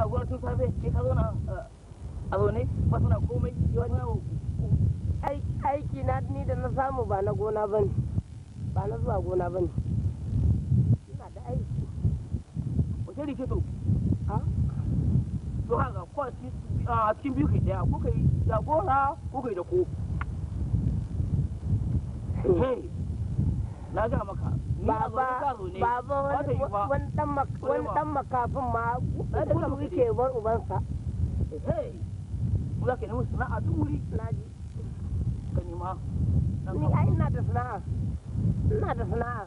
kagura tun safe ka eh, a zaune ba suna komai aiki na ni da na samu ba na gona ba ne ba na zuwa gona ba ne ina da aiki wace rike to ha to ko a cikin biyu kai daya ko kai jagora ko kai da ko na ga maka baba baba wani dan makafin ma bar ubansa ka nemi sana'a duk wuri ka nema ni ai ina da sana'a ina da sana'a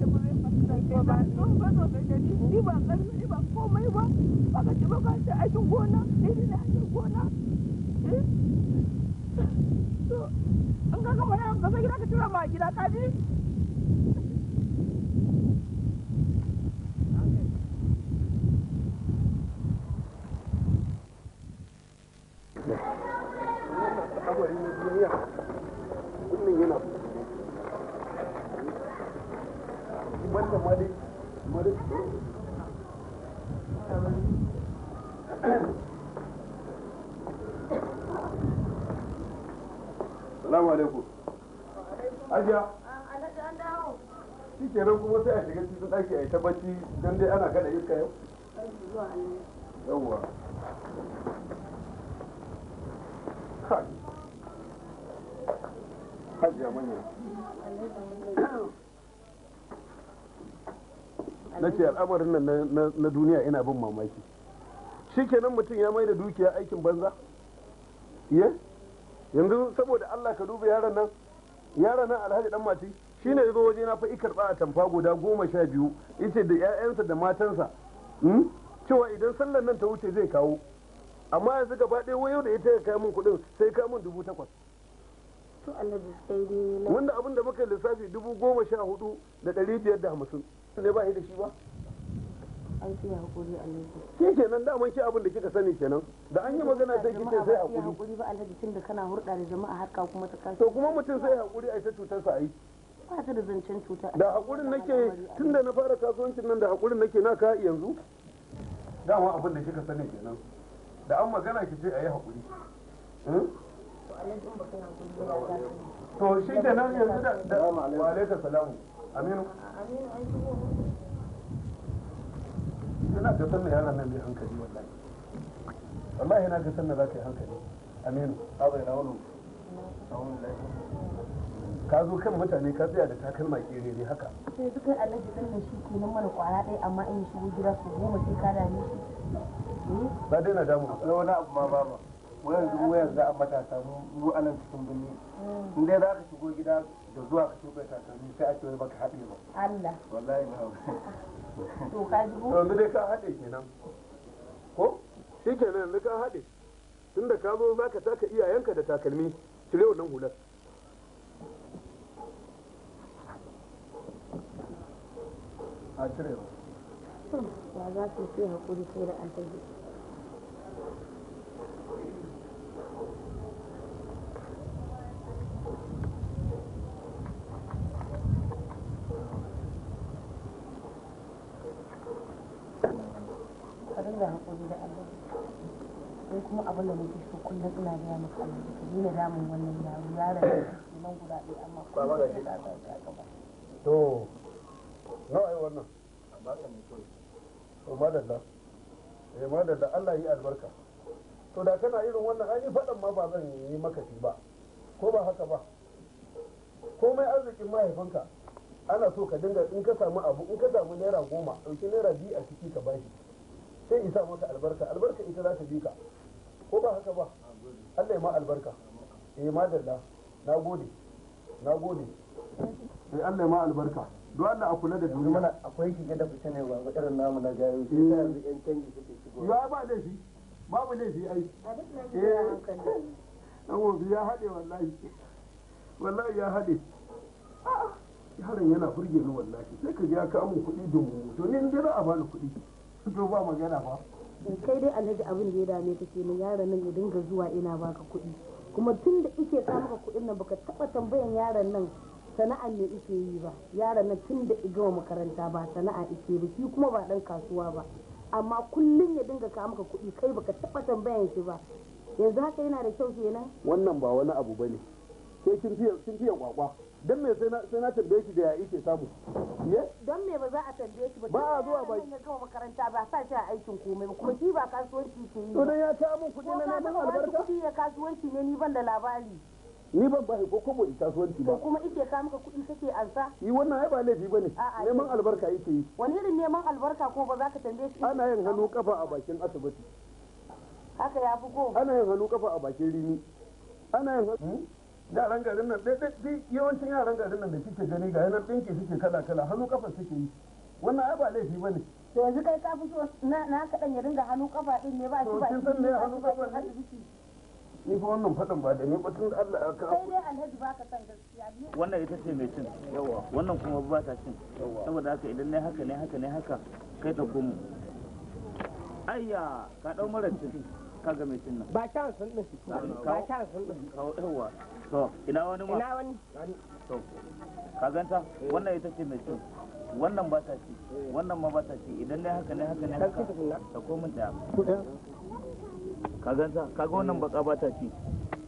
ni ba ni ba komai ba ba ka ci ba ka ci aikin gona ni ne aikin gona eh? to in ka gama yawan ka gida ka tura ma gida ka ji al'amarin nan na duniya ina bin mamaki shi kenan mutum ya mai da dukiya aikin banza iya yanzu saboda allah ka duba yaran nan yaran nan alhaji dan mati shi ne zo waje na fa ba a tamfa guda goma sha biyu ita da 'ya'yansa da matansa hmm? cewa idan sallar nan ta wuce zai kawo amma yanzu gaba ɗaya wayo da ya kai min kuɗin sai kai min dubu takwas wanda abin da muka lissafi dubu goma sha hudu da ɗari biyar da hamsin ne ba yi da shi ba ke kenan daman shi abin da kika sani kenan da an yi magana sai kike sai hakuri hakuri ba alhaji tun da kana hurda da jama'a har ka kuma ta kasa to kuma mutum sai hakuri ai ta cutar sa ai ba ta da zancen cuta da hakurin nake tun da na fara kasuwancin nan da hakurin nake na ka yanzu dama abin da kika sani kenan da an magana ki ce ayi hakuri hmm? to shi kenan yanzu da wa alaikum salamu aminu aminu ina ga sanna yaran nan bai hankali wallahi wallahi ina ga sanna za ka yi hankali aminu abai na wani ka zo kan mutane ka tsaya da takalma kere ne haka sai su kai alhaji ɗin shi ke nan mana kwara ɗaya amma in shigo gida su goma sai ka dame shi eh? ba dai na damu akwai wani abu ma ba ma, wayar zuwa wayan za a matasa mu anan cikin birni hmm. in dai za ka shigo gida da zuwa ka ta, takalmi sai a ce wai baka haɗe ba Allah wallahi na to yanzu dai ka haɗe kenan ko shi kenan yanzu ka haɗe tunda ka zo za ka taka iyayenka da takalmi cire wannan hular a cire ba za su fi haƙuri ko da an tafi da haƙuri da Allah sai kuma abin da nake so kullum ina gaya maka Allah ka daina damun wannan yaro yaron da ke nan guda ɗaya amma ba ba ga shi da ta gaba to nawa ai wannan amma kan mutum to madalla eh madalla Allah yi albarka to da kana irin wannan ai faɗan ma ba zan yi maka shi ba ko ba haka ba komai arzikin mahaifinka ana so ka dinga in ka samu abu in ka samu naira goma ɗauki naira biyu a ciki ka bashi sai isa mata albarka albarka ita za ta bi ka ko ba haka ba Allah ya ma albarka eh madalla na gode na gode sai eh, Allah ya ma albarka don Allah a kula da duniya mana akwai kike da fice ne ba irin namu na gayu sai eh. yanzu yan canji suke shigo ya ba da shi babu shi ai eh an wofi ya hade wallahi wallahi ya hade yaron yana burge ni wallahi sai ka ga ka amun kuɗi dumu to ni in a bani kuɗi to magana eh, kai dai alhaji abin da ya dame ka kenan yaron nan ya dinga zuwa ina baka kuɗi kuma tun da ike ka maka kuɗin nan baka taɓa tambayan yaran nan sana'a ne ike yi ba yaron nan tun da igama makaranta ba sana'a ike ba shi kuma ba ɗan kasuwa ba amma kullum ya dinga ka maka kuɗi kai baka taɓa tambayan shi ba yanzu haka yana da kyau kenan wannan ba wani abu ba ne. sai kin fiye kwakwa dan me sai na tambaye shi da ya ke samu ye dan me ba za a tambaye shi ba ba zuwa ba ya gama makaranta ba sa shi a aikin komai ba kuma shi ba kasuwanci ke yi to dan ya ta mun kudi na neman albarka ko ya kasuwanci ne ni ban da labari ni ban ba ko kobo in kasuwanci ba kuma ike ka maka kuɗi kake ansa yi wannan ai ba laifi bane neman albarka yake yi wani irin neman albarka ko ba za ka tambaye shi ana yin hannu kafa a bakin asibiti haka ya fi ko ana yin hannu kafa a bakin rini ana yin hannu hmm? yaran garin nan da ɗaiɗaiɗi yawancin yaran garin nan da kike gani ga yanar dinki suke kala kala hannu kafa suke yi wannan ai ba laifi bane to yanzu kai ka fito na na ka dan ya dinga hannu kafa din ne ba shi ba kin san ne hannu kafa ne ni fa wannan faɗin ba da ni batun tun Allah ka sai dai alhaji ba ka san gaskiya wannan ita ce mai cin yawa wannan kuma ba ta cin saboda haka idan ne haka ne haka ne haka kai ta gumu ayya ka dau mara cin ka ga mai cin nan ba ta san din ba ta san din yawa to ina wani ma ina wani to ka ganta wannan ita ce mai cin wannan ba ta ci wannan ma ba ta ci idan ne haka ne haka ne haka ta komin da ka ganta ka ga wannan baka ba ta ci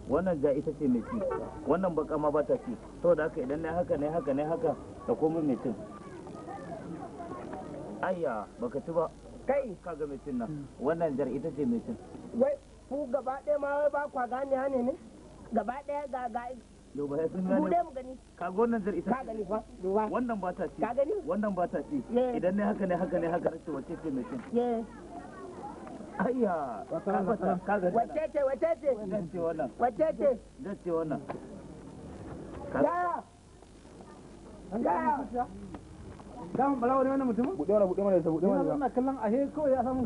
wannan ja ita ce mai ci wannan baka ma ba ta ci saboda haka idan ne haka ne haka ne haka ta komin mai cin ayya baka ci ba kai ka ga mai cin nan wannan jar ita ce mai cin wai ku gaba ɗaya ma ba kwa gane ne ne gaba daya ga ga yau ba sun gane mu gani ka gonan zar isa ka gani fa duba wannan ba ta ci ka gani wannan ba ta ci idan ne haka ne haka ne haka ce wace ce mai cin eh ayya ka gani wace ce wace ce zan ce wannan wace ce zan ce wannan gaya gaya dama balawa ne wannan mutumin buɗe mana buɗe mana da buɗe mana da kallon ahe kawai ya samu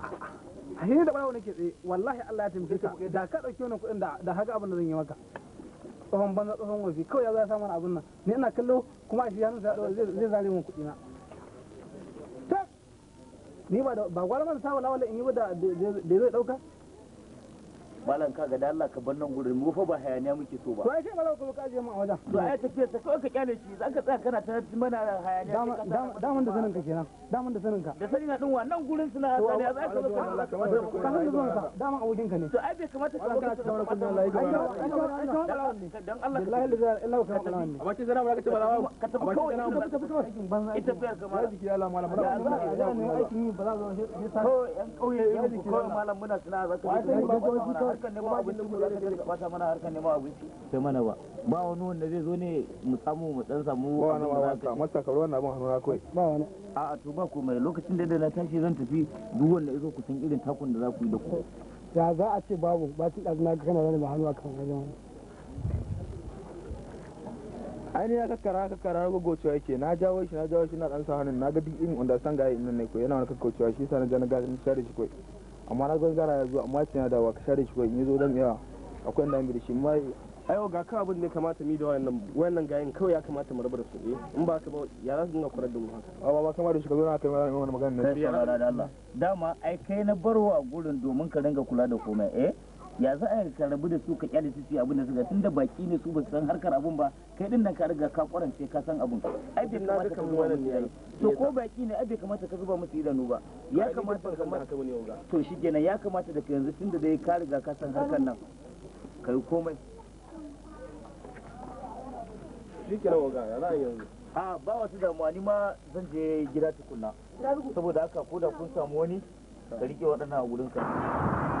ah, ah. a hini da barawo nake tsaye wallahi Allah ya taimake ka da ka dauki wannan kuɗin da haka abin da zan yi maka tsohon banza tsohon wafi kawai ya za samu abin nan ni ina kallo kuma a shi hannun sa zai zare min kuɗi na ni ba gwara man sa wala wala in yi ba da zai dauka malam ka ga da Allah ka bar nan gurin mu fa ba hayaniya muke so ba to ai sai malam ka ka mu a wajen to ai tafiyar ta kawai ka kyale shi zaka tsaya kana ta mana hayaniya daman da sanin ka kenan daman da sanin ka da sanin na din wannan gurin suna hasaniya za ka zo ka san zuwan ka daman abokin ka ne to ai bai kamata ka ka ta wani ka layi gaba dan Allah ka la ilaha illa ka kana ne amma kin zana ka ce ba ka tafi kawai ka tafi kawai aikin banza ita tafiyar ka malam jiki Allah malam ba za ka aikin ba za ka zo sai yan kauye ka malam muna suna za ka harkar neman abinci mu zaka dinga bata mana harkar neman abinci sai mana ba ba wani wanda zai zo ne mu samu mu dan samu ba wani wani wannan abin hannu na kai ba wani a to ba ko mai lokacin da na tashi zan tafi duk wanda yazo ku san irin takun da za ku yi da ku ya za a ce babu ba ci ɗazu na kana zan ba hannu akan wajen wani ne ya kakkara kakkara gogocewa yake na jawo shi na jawo shi na dan sa hannun na ga duk irin understand ga ne ko yana wani kakkocewa shi sa na ja na share shi koi amma na gangara ya zo amma ce na dawa ka share shi in zo dan yawa akwai inda da shi amma ai ga ka abin da ya kamata mi da wayannan wayannan gayin kawai ya kamata mu rabu su eh in ba ka ba ya za su dinga kurar da mu haka ba ba kama da shi ka zo na kai mana wannan magana ne da Allah dama ai kai na barwa gurin domin ka dinga kula da komai eh ya za a ka rabu da su ka kyale su su abin da suka tunda baki ne su ba san harkar abun ba kai din nan ka riga ka kwarance ka san abun ai bai kamata ka zuba musu yayi to ko baki ne ai bai kamata ka zuba musu idanu ba ya kamata ka to shi kenan ya kamata da ka yanzu tunda dai ka riga ka san harkar nan kai komai shi kenan waga ya a yanzu a ba wasu damuwa ni ma zan je gida tukunna saboda haka ko da kun samu wani ka rike waɗannan a ka.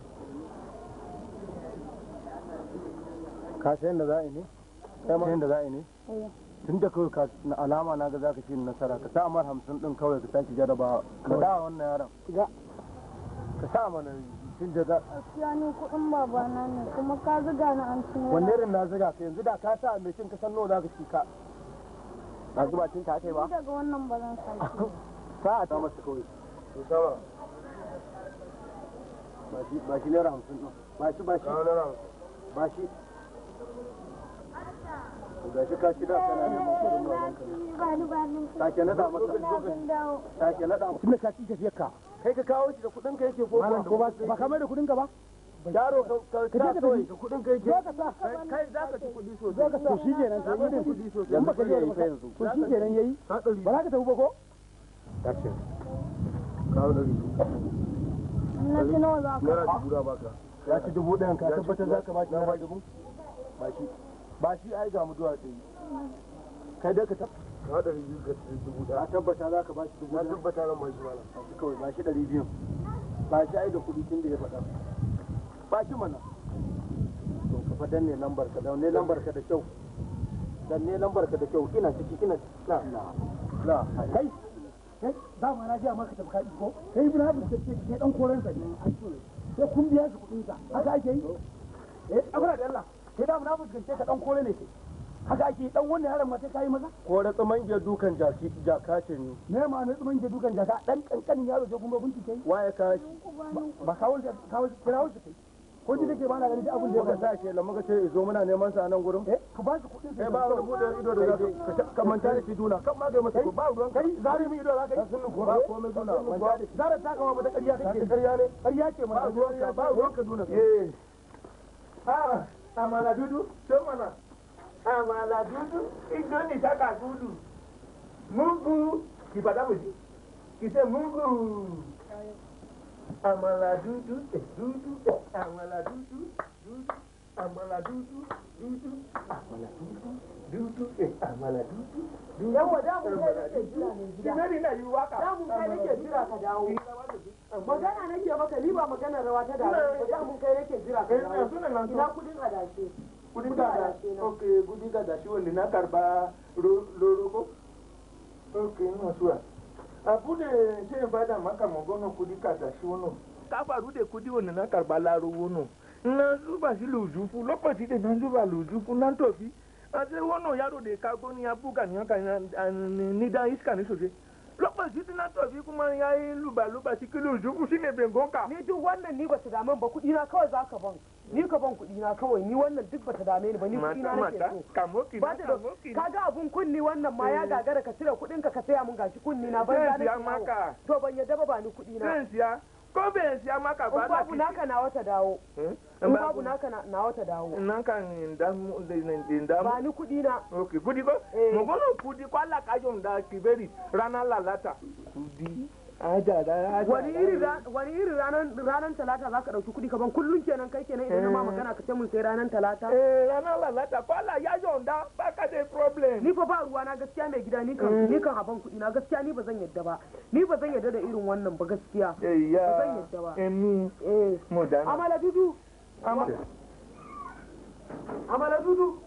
ka san da za yi ne tun da kawai ka na alama na ga za ka shi nasara ka sa amar hamsin din kawai ka sake jaraba ka da wannan yaron ga ka sa mana tun da za kuɗin babana ne kuma ka zuga na an cin tuno wanne irin na zuga ka yanzu da ka sa mai cin ka san za ka shi ka ba zuba cin ka kai ba daga wannan ba zan sake ta masa ba ba shi ba shi ga shi kashi da kana neman kudin babanka sake nada masa sake nada tunda tafiyar ka kai ka kawo shi da kudin ka yake ko ba ba kamar da kudin ka ba yaro ka ta da kudin ka yake kai za ka ci kudi sosai za ka shi kudi yanzu ka yayi kai yanzu to shi yayi ba za ka tafi ba ko tashi kawo da ci nawa za ka ya ci dubu ɗayan ka tabbatar za ka ba shi ba dubu ba shi ba shi ai ga mutuwa ɗin kai dai ka ta ka da rijiyu ka dubu ɗaya a tabbata za ka ba shi dubu ɗaya na tabbata zan ba shi mana kawai ba shi ɗari biyu ba shi ai da kuɗi tun da ya faɗa ba shi mana to ka faɗa ne lambar ka da lambar ka da kyau dan ne lambar ka da kyau ina ciki ina na na kai kai za mu na jiya maka tabka ko kai ibn abin da ce kai dan koran sa ne sai kun biya shi kuɗin sa haka ake yi eh abara da Allah sai da na fuskance ka dan kore ne haka ake dan wannan yaron mata kai maza kore tsaman ge dukan jaki jaka ce ni me ma ne tsaman ge dukan jaka dan kankanin yaro je kuma kai. waye ka ba kawo kawo kirawo shi kai ko ji take ba na ganin abin da ya kasa ce lamma ka ce zo muna neman sa nan gurin eh ka ba shi kuɗin sai eh, ba ruwan bude ido da zaka ka manta da shi duna kan ma ga masa ba ruwan kai zare mu ido zaka yi sun ko ba ko mai duna manta da zare ta kama ba ta kariya take kariya ne kariya ce mata ba ruwan ba ruwan ka duna eh ah àmàlà dúdú tó mọ̀nà àmàlà dúdú ìdóni ìsáka dúdú múgù ìbàdàbòjì kìsẹ́ múgù àmàlà dúdú dúdú àmàlà dúdú dúdú àmàlà dúdú dúdú àmàlà dúdú dudu amala dudu dudu yawa da mu kai nake jira ne gida kinari na yi waka da mu kai nake jira ka dawo magana nake maka ni ba magana rawa ta dawo da mu kai nake jira ka dawo ina kudin adashi kudin adashi okay kudin adashi wanda na karba loroko okay ina suwa abu da shi bada maka magana kudin adashi wannan ka faru da kudi wanda na karba laro wannan na zuba shi lujufu lokaci da na zuba lujufu nan tofi sai wannan yaro da ya kago ni ya buga ni haka ni dan iska ne sosai lokaci tana kuma ya yi luba-luba shi kilo zuku ne bengonka. Ni duk wannan ni ní ba kuɗi na kawai za ka ban. Ni ka ban kuɗi na kawai ni wannan duk bata ba ni kuɗi na nake so. Kamoki na kamoki na. Kaga abun kunni wannan ma gagara ka cire kuɗin ka ka saya da kuɗi na. Zan siya. ko bai siya maka ba na eh? babu naka na wata dawo in babu naka na wata dawo nan kan indamu indamu ba ni kudi na ok kudi ko eh. mu gono kudi ko Allah ka jom da kiberi ranar lalata kudi wani iri ranar talata za ka ɗauki kuɗi kaban kullum kenan kai kenan idan ma eh. magana ka ce mun sai ranar talata eh ranar talata Allah ya ji jonda ba ka da problem ni fa ba ruwa na gaskiya mai gida ni kan ni kan haban kuɗi na gaskiya ni ba zan yadda ba ni ba zan yadda da irin wannan ba gaskiya ba zan yadda ba emi eh amala dudu amala dudu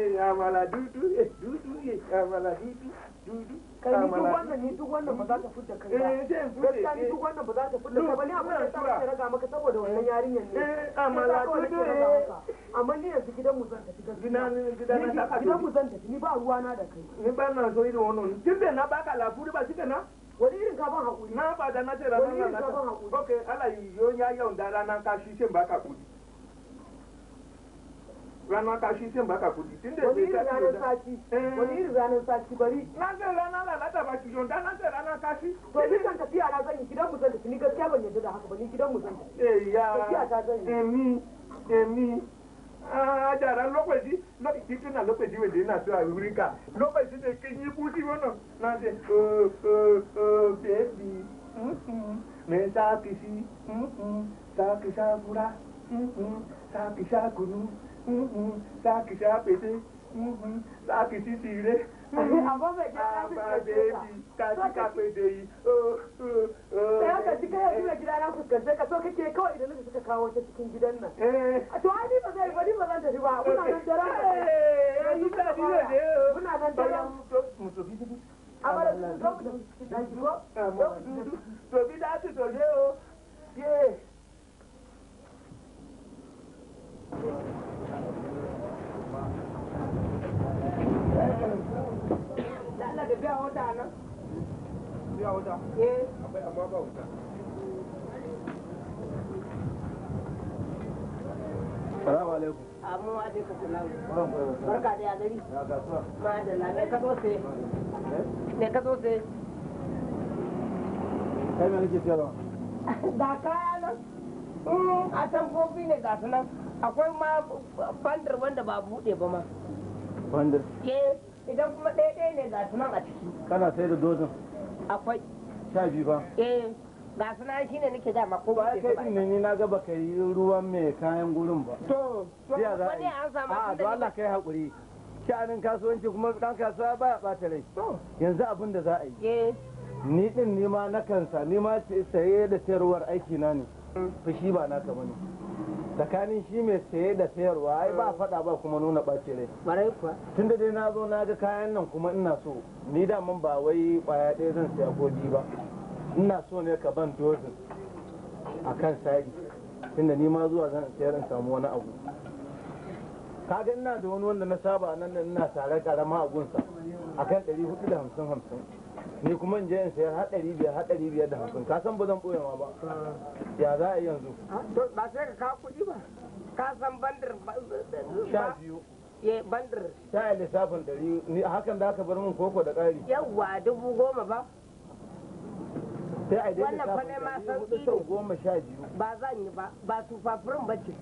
yamala dudu dudu yamala dudu dudu kai ni duk wannan ni duk wannan ba za ta fita kai ba gaskiya ni duk wannan ba za ta fita kai ba ni abin da ta ce raga maka saboda wannan yarinyar ne amala dudu amma ni yanzu gidan mu zan tafi gaskiya gidan na gidan mu zan tafi ni ba ruwa na da kai ni ba na so irin wannan tunda na baka lafuri ba shi kenan wani irin ka ban hakuri na ba da na ce ranar na ta ok yi yiyo ya yaunda ka shi shin baka kudi ranar tashi sai baka kudi tun da zai tashi tashi wani irin ranar tashi bari na zai rana lalata ba ki jonda na rana tashi to ni kan tafiya na zan yi gidan mu zan tafi ni gaskiya ban yarda da haka ba ni gidan mu zan tafi eh ya tafiya ta zan yi emi emi a jara lokaci lokaci tuna lokaci wanda yana so a wurinka lokaci da kin yi kusi wannan na ce oh oh oh si za ki sa kura za ki za ki sha fete za ki ci tire babeji ka ci ka fete yi sai haka ji kai yanzu gida na fuskance ka so kake kawai idan suka kawo ta cikin gidan nan a to ai ni ba zai ba ni ba zan tafi ba muna nan daren muna nan daren amara sun zo ku da ko to bi da su to je o ye biya da da ne da kaya nan a can kofi ne nan akwai ma bandar wanda ba buɗe ba ma bandar eh idan kuma ɗaya ne ga nan a ciki kana sai da dozin akwai sha biyu ba eh ga su nan shine nake da ma ko ba kai din ne na ga baka yi ruwan mai kayan gurin ba to wani an samu a to Allah kai hakuri sha'anin kasuwanci kuma dan kasuwa baya bata rai yanzu abin da za a yi eh. ni din ni ma na kansa ni ma saye da sayarwar aiki na ne mm. fushi ba ka bane tsakanin shi mai saye da sayarwa ai ba faɗa ba kuma nuna ɓace rai marai kuwa tun da dai na zo na ga kayan nan kuma ina so ni da mun ba wai ɓaya ɗaya zan siya ko ba ina so ne ka ban dozin a kan sa'i tun da ni ma zuwa zan sayar in samu wani abu ka kaga ina da wani wanda na saba nan da ina tare karama a gunsa akan ɗari hudu da hamsin hamsin ni kuma in je in sayar haɗari biyar haɗari biyar da hamsin ka san ba zan ɓoye ma ba ya za a yi yanzu ah, ba sai ka kawo kuɗi ba ka san bandar sha biyu ya eh, bandar sha lissafin ɗari ni hakan za ka bar min koko da ƙari yawwa dubu goma ba sai a daidai lissafin ɗari hudu sau goma sha biyu ba zan yi ba ba tufafirin ba ce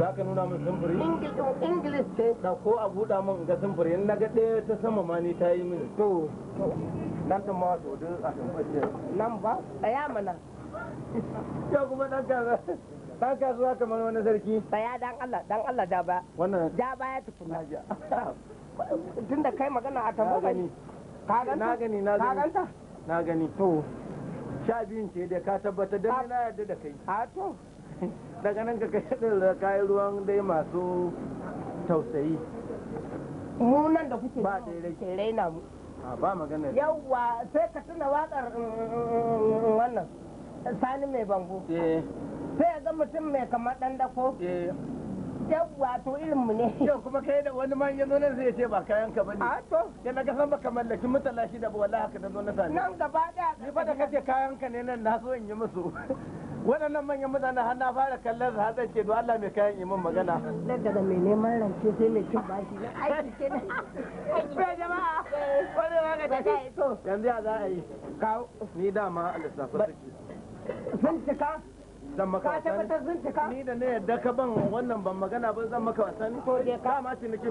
za ka nuna min samfuri english ce da ko a buɗa min ga samfuri in naga ɗaya ta sama ma ni ta yi mini to nan ta ma wato duk a tambace nan ba tsaya mana ya kuma dan kaza dan kasuwa mana wani sarki tsaya dan Allah dan Allah da ba wannan da ba ya tukuna tunda kai magana a tambaye ni ka ganta na gani na gani Ka ganta? na gani to sha biyun ce da ka tabbatar da ni na yarda da kai a to daga nan ka kai da kayan ruwan dai masu tausayi mu nan da kuke ba ke raina mu ba magana yawwa sai ka tuna wakar mm, mm, mm, wannan sani mai bango eh. sai ga mutum mai kamar dan dako eh. yawwa to irin mu ne yau kuma kai da wani man yanzu nan zai ce ba kayan ka bane a to ya naga san baka mallaki mutala shi da wallahi haka da zo na sani nan gaba daya ni fa da kace kayan ka ne nan na so in yi musu waɗannan manyan mutane har na fara kallon su ce don Allah mai kayan imin magana daga da mai neman rance sai mai cin bashi na aiki ke bai jama'a wani ta to yanzu ya za a yi kawo ni dama a lissafa suke sun cika zan maka wasan ni da na yadda ka ban wannan ban magana ba zan maka wasan ko je ka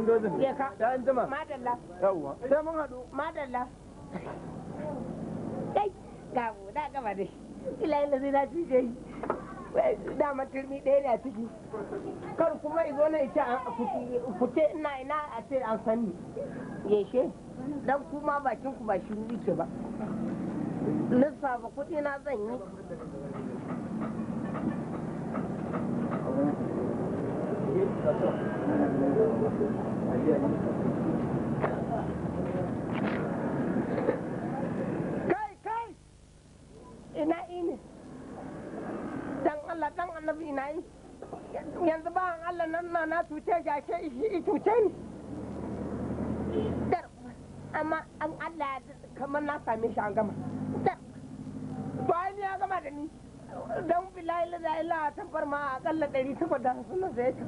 dozin je ka da an jima madalla yawwa sai mun haɗu madalla da gaba dai ilayen da zai na cije yi dama turmi ɗaya ne a ciki kar kuma izo na ita a fute ina ina a ce an sani yeshe dan kuma bakin ku ba shiru yake ba lissafa kuɗi na zan yi Thank you. ina ini dan Allah dan annabi ina yi yanzu ba Allah nan na na tuce ga shi shi tuce ni dar amma an Allah kamar na same shi an gama dar bayan ya gama da ni dan bilayi la ila ta farma a kalla ɗari takwas da suna sai ta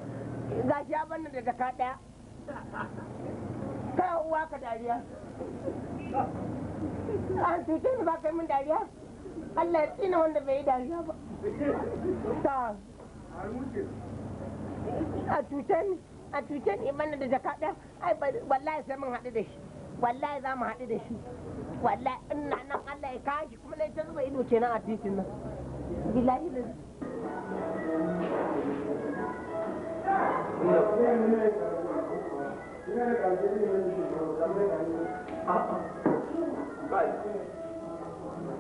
gashi ya banna da daka ɗaya kai uwa ka dariya an tuce ni ba kai min dariya Allah ya tsina wanda bai dariya ba ta a cuce ni a cuce ni mana da jaka ɗaya ai wallahi sai mun haɗu da shi wallahi za mu haɗu da shi wallahi ina nan Allah ya kawo kuma na ta zuba ido kenan a titin nan bilahi da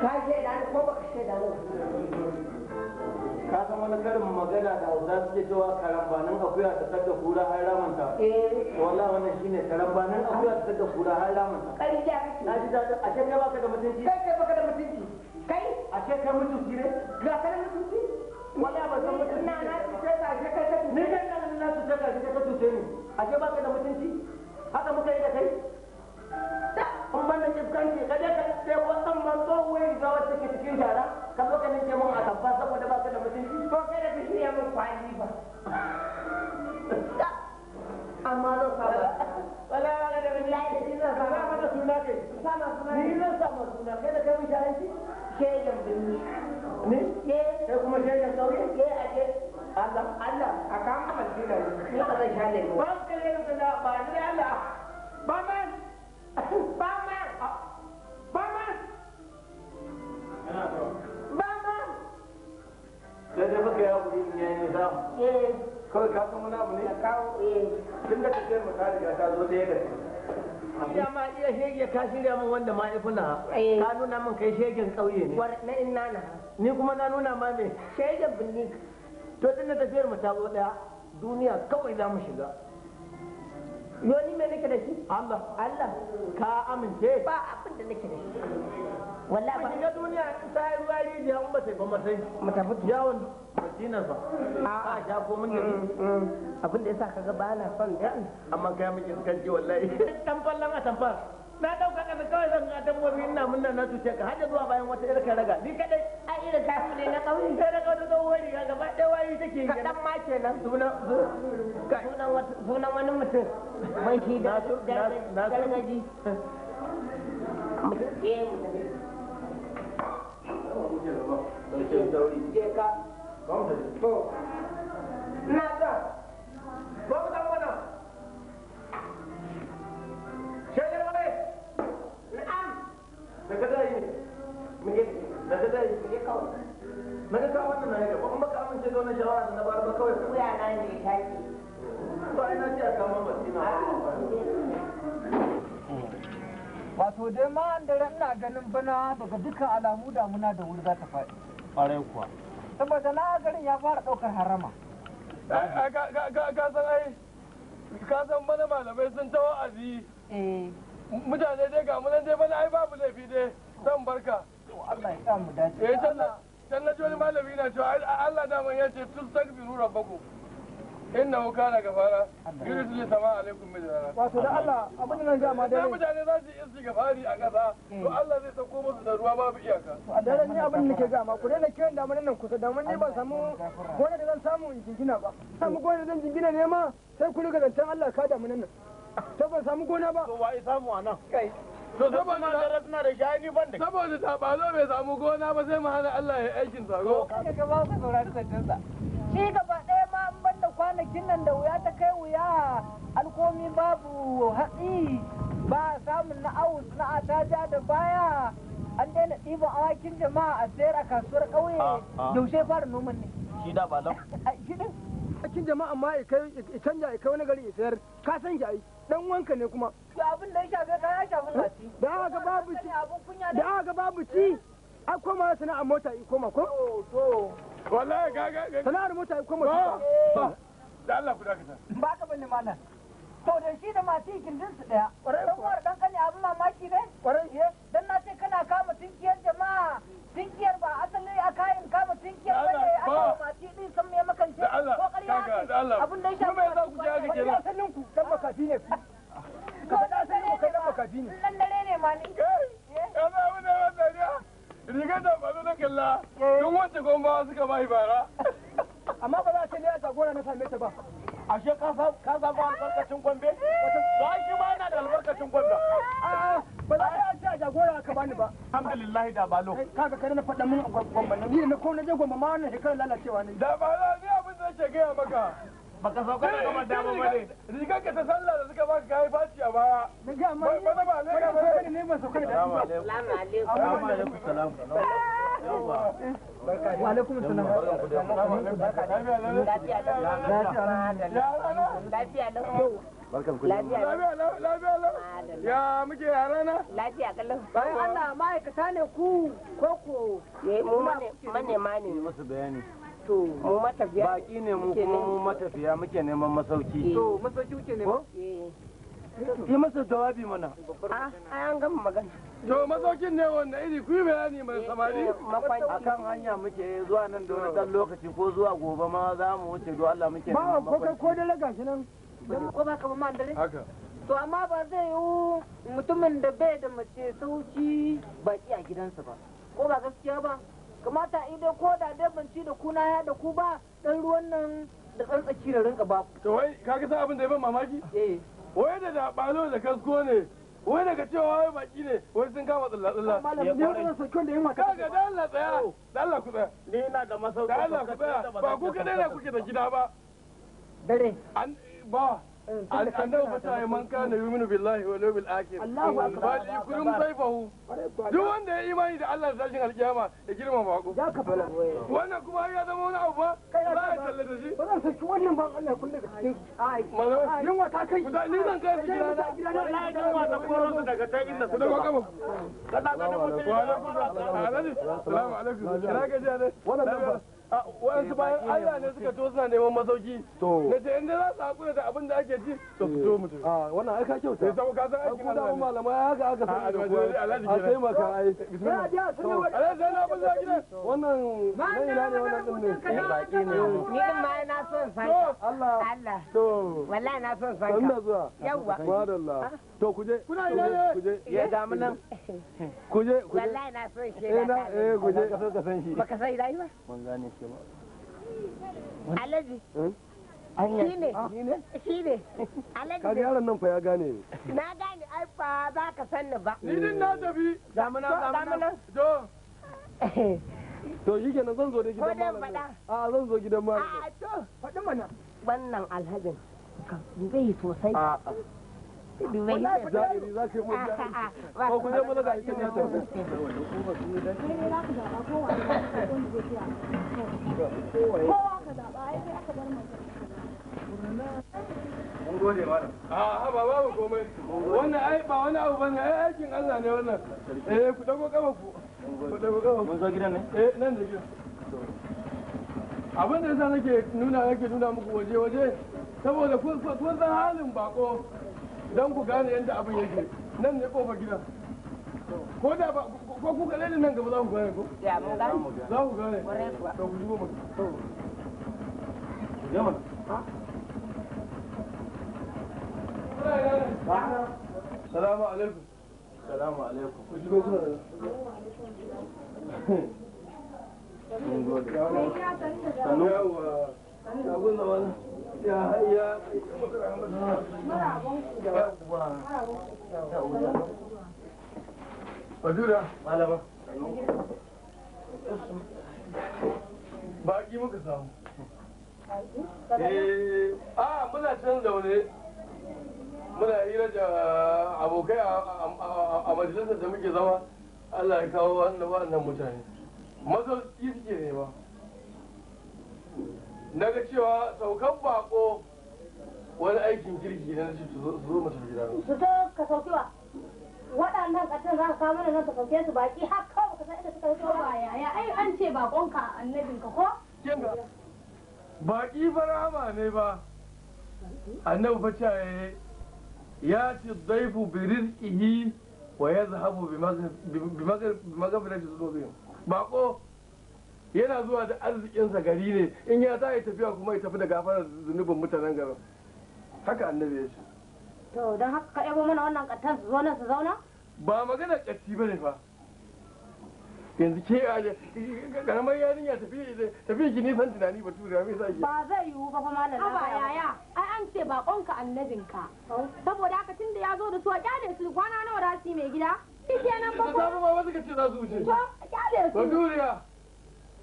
ka shaida ni ko baka shaida ni ka san wani karin magana da hausa suke cewa karambanin akuya ta tadda kura har ramanta to eh. wallahi wannan shine karambanin akuya ta tadda kura har ramanta ƙarya na ji daɗi a ce kai baka da mutunci kai kai baka da mutunci kai a ce kai mutunci ne ga kai mutunci wallahi ba san mutunci na na ce ta ce kai ta ni kan na na ce ta ce ka tuce ni a ce baka da mutunci haka muka yi da kai in ban da kifkanci ka je ka ce ko san man tsohuwar riga wacce ke cikin gara ka zo ka nake mun a tabba saboda ba ka da mutunci ko kai da bishi ya mun kwali ba amma zan saba wala wala da billahi da shi zan saba ba da suna ke sana suna ni zan saba suna kai da kai mun sharanci shegan binni ne ke kai kuma shegan sauri ke a ke Allah Allah a kan amal dina ne ka zan sha ne ba ka lera da ba ni Allah ba man Uh, Batman! Batman! Batman! nisa. ka mu ta riga ta zo ma iya shege wanda ma ya funa. Eh. Ka nuna min kai shegen kauye ne. War na inna na. Ni kuma na nuna ma me? Shegen ni. To tun tafiyar mu ta zo ɗaya duniya kawai za mu shiga. yoni me nake da shi Allah Allah ka amince ba abin da nake da shi wallahi ba ga duniya ta yi ruwa rijiya in ba sai ba matai matafi yawon Madina ba a ja ko mun da mm, mm. abin da yasa kaga ba na son ga amma kai mun kan ji wallahi dan fallan a tamfar na ɗauka ƙasa kawai zan ga dabbobi ina munna na cuce ka har da zuwa bayan wata irin raga ni kadai a irin ta ne na ƙauye sai na ƙauye zan wani ga gaba ɗaya wani take yi kaɗan ma kenan sunan sunan wani mutum mai shi da gargaji na da ba mu dan wannan shekaru ne daga zai yi mu yi mu je kawai na ga wannan na yi gaba baka amince da wannan shawara da na bayar ba kawai kuya na ne take to ai na ce a kama masina wato dai ma an dare ina ganin bana daga dukkan alamu damuna da wuri za ta faɗi ƙwarai kuwa saboda na garin ya fara ɗaukar harama ka san ai ka san bana malamai sun ta wa'azi mutane dai ga munan dai bana ai babu laifi dai zan barka Allah ya sa mu dace eh tana dan na wani malami na cewa Allah da mun yace tustaghfiru rabbakum inna hu kana gafara yuridu li sama alaikum min rana wato da Allah abin nan ga ma dai mutane za su yi gafari a kasa mm. to Allah zai sauko musu da ruwa babu iyaka to a daren ni abin da nake ga ma ku daina kiran da mun nan kusa da mun ne ba samu gona da zan samu in jingina ba samu gona da zan jingina ne ma sai ku riga zancan Allah ka da mun nan to ban samu gona ba to ba ya samu a nan kai to saboda da suna da shani ban da saboda ta ba zo bai samu gona ba sai mu hana Allah ya aikin sa go kaga ba ka saurari da sa shi gaba ɗaya ma an ban da kwanakin nan da wuya ta kai wuya alkomi babu hatsi ba samun na awu na ta ja da baya an daina ɗiban awakin jama'a a sayar a kasuwar ƙauye ah, ah. yaushe fara noman ne shi da ba lau Akin jama'a ma ya canja ya kai wani gari ya sayar ka san shi ai dan wanka ne kuma to abin da ya shafe ka ya shafe na ci da haka babu ci da haka babu ci a koma sana'ar mota ya koma ko wallahi ga ga sana'ar mota ya koma ba eh. da Allah ku dakata ba ka bane mana to da shi da masu gindin su daya kwarai ko dan kane abin mamaki ne kwarai eh dan na ce kana kama tinkiyar jama'a tinkiyar ba asali a kayan kama tinkiyar ba ne a kama masu din sun me makance da Allah da Allah abin da ya shafi mai za ku ji haka kenan sanin ku dan makafi ne ku ka faɗa sanin ku kai dan makafi ne dan dare ne ma ni ya za mu da wannan riya riga da ba na kalla don wacce gomba suka bai bara amma ba za a ce ne a jagora na same ta ba ashe ka san ka san ba albarkacin gombe ba shi ba na da albarkacin gombe a'a ba za a ce a jagora ka bani ba alhamdulillah da balo kaga kare na faɗa min gombe ni na ko na je gombe ma wannan shekarar lalacewa ne da ba za ni abin da ke gaya maka baka sauka da kamar dama ba eh, rigar ka ta sallah da suka baka kayi faci a baya ba na ba ne ga ba ne ba sauka da salamu alaikum salamu alaikum salamu alaikum wa salam barkan ku lafiya lau lafiya lau ya muke yara na lafiya kallon bayan Allah ma'aikata ne ku ko ko eh, manema ne masu bayani to mu matafiya baki ne mu kuma mu matafiya muke neman masauki eh. to masauki kuke neman yi masa jawabi mana a ah, an gama magana to masaukin ne wanda iri ku bayani mai eh, samari a hanya muke zuwa nan da wani dan lokaci ko zuwa gobe ma za mu wuce do Allah muke ba ko kai ko dare gashi nan ko ba ka ba man dare haka to amma ba zai yiwu mutumin da bai da mace sauki baki a gidansa ba ko ba gaskiya ba kamata idan ko da dai ban ci da kuna ya da ku ba dan ruwan nan da tsantsaki da rinka ba to wai kaga sai abin da ya ban mamaki eh wai da da balo da kasko ne wai daga cewa wai baki ne wai sun kama tsalla tsalla fara ne wannan sakon da yin maka kaga da Allah tsaya oh. da Allah ku tsaya ni ina da masauki da Allah ku tsaya ba ku kada ne kuke da gida ba dare an ba annabi mutane man kana yuminu billahi wal yawmil akhir Allahu akbar bali kurum duk wanda ya imani da Allah da tashin alkiyama ya girma bako wannan kuma ya zama wani abu ba ya talle da shi wannan Allah da cikin ai mana yin wata kai ni zan kai su gidana wallahi wata koron su daga ta inda su da baka ba kada ga mutum wa alaikum salamu alaikum ina ga wa'ansu bayan Allah ne suka to suna neman masauki to na inda za su hakura da abin da ake ji to fito mutum a wannan aika kyauta ya samu kasan aikin Allah ne malamai ya haka aka san a sai a yi bismillah alhaji na wannan na ina ne wannan din ne baki ne eh. ni din ma na son san Allah Allah to wallahi na son san zuwa madalla ah. to kuje kuna ina ne kuje ya damu nan kuje kuje wallahi na so shi eh, da eh kuje ka so ka san shi baka sai dai ba mun gane shi ba alaji eh? anya shi ah, ne shi ne alaji ka yaron nan fa ya gane ne na gane ai fa ba ka san ni ba ni din na tafi damu nan damu nan do to shi kenan zan zo da gidan malam a zan zo gidan malam a to faɗi mana wannan alhajin zai sosai ne wannan eh abin da yasa nake nuna nake nuna muku waje waje saboda kun san halin bako don ku gane yadda abin yake nan ne kofar gidan ko da ba ko ku gane nan gaba za ku gane ko ya mun gane za ku gane to ku zuwa mun to salamu alaikum salamu alaikum da Badura, malama. Baki muka samu. Eh, ah, muna can zaune muna hira da abokai a majalisar da muke zama Allah ya kawo wannan mutane. Mazauki suke ne ba. naga cewa saukan bako wani aikin kirki na ce su zo mu tafi gida su ta ka sauki wa waɗannan ƙasar za ka kawo mana nan ka sauke su baki har kawai ka san inda suka fito ba yaya ai an ce bakonka annabinka ko baki barama ne ba annabi fa caye ya ci daifu bi rizqihi wa yazhabu bi magfirati dhunubihim bako yana zuwa da arzikinsa gari ne in ya za ya tafiya kuma ya tafi da gafarar zunubin mutanen garin haka annabi ya ce to don haka ka ɗebo mana wannan ƙattan su zo su zauna ba magana ƙatti ba ne fa yanzu ke yarinya tafi ki nisan tunani ba tura mai sake ba zai yiwu ba fa malam ba yaya ai an ce bakonka annabinka oh. saboda haka tunda ya zo da su a kyale su kwana nawa da su mai gida shi kenan ba ko ba ba ba ba ba ba ba ba ba ba ba ba